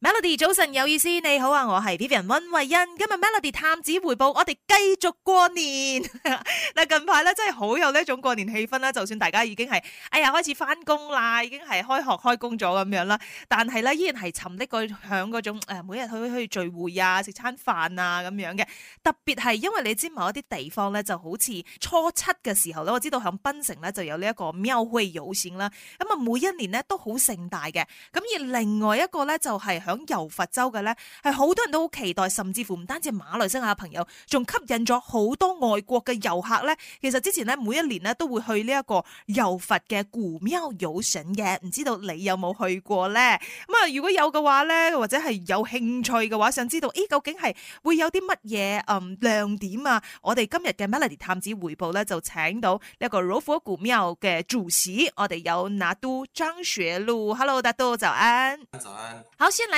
Melody 早晨有意思，你好啊，我係 P P 人溫慧欣，今日 Melody 探子回報，我哋繼續過年。嗱， 近排咧，真係好有呢種過年氣氛啦，就算大家已經係哎呀，開始返工啦，已經係開學開工咗咁樣啦，但係咧，依然係沉溺個響嗰種誒、呃，每日去去去聚會啊，食餐飯啊咁樣嘅。特別係因為你知道某一啲地方咧，就好似初七嘅時候咧，我知道喺檳城咧就有呢一個廟會遊神啦，咁啊每一年咧都好盛大嘅。咁而另外一個咧就係、是。響柔佛州嘅咧，係好多人都好期待，甚至乎唔單止馬來西亞的朋友，仲吸引咗好多外國嘅遊客咧。其實之前咧每一年咧都會去呢一個柔佛嘅古廟遊神嘅，唔知道你有冇去過咧？咁啊，如果有嘅話咧，或者係有興趣嘅話，想知道咦，究竟係會有啲乜嘢誒亮點啊？我哋今日嘅 Melody 探子回報咧就請到呢一個柔佛古廟嘅主席，我哋有拿督張雪祿，Hello 拿督早安，早安，好，先來。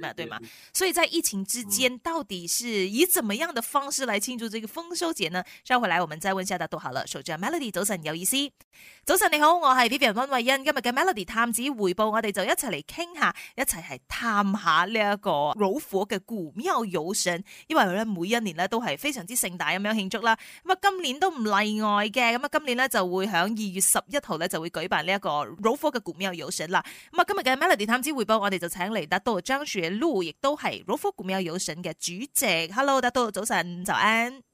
嘛，對嘛，所以在疫情之間，到底是以怎麼樣的方式來慶祝這個豐收節呢？稍回來，我們再問下大都好了，守將 Melody，早晨有意思，早晨你好，我係 Vivian 溫慧欣。今日嘅 Melody 探子回報，我哋就一齊嚟傾下，一齊係探下呢一個柔佛嘅古廟遊神，因為咧每一年咧都係非常之盛大咁樣慶祝啦。咁啊，今年都唔例外嘅，咁啊，今年咧就會喺二月十一號咧就會舉辦呢、這、一個柔佛嘅古廟遊神啦。咁啊，今日嘅 Melody 探子回報，我哋就請嚟得多雪露亦都係柔佛古廟遊神嘅主席。Hello，多多早晨，早安。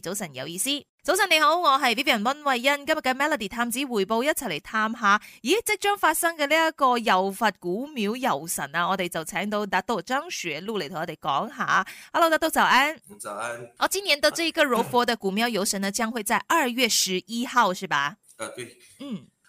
早晨有意思，早晨你好，我係 Vivian 温慧欣，今日嘅 Melody 探子匯報一齊嚟探下，咦即將發生嘅呢一個柔佛古廟遊神啊，我哋就請到達都張雪露嚟同我哋講一下。Hello，達都早安。早安。早安哦，今年的呢一個柔佛的古廟遊神呢，將會在二月十一號，是吧？誒、啊，對。嗯。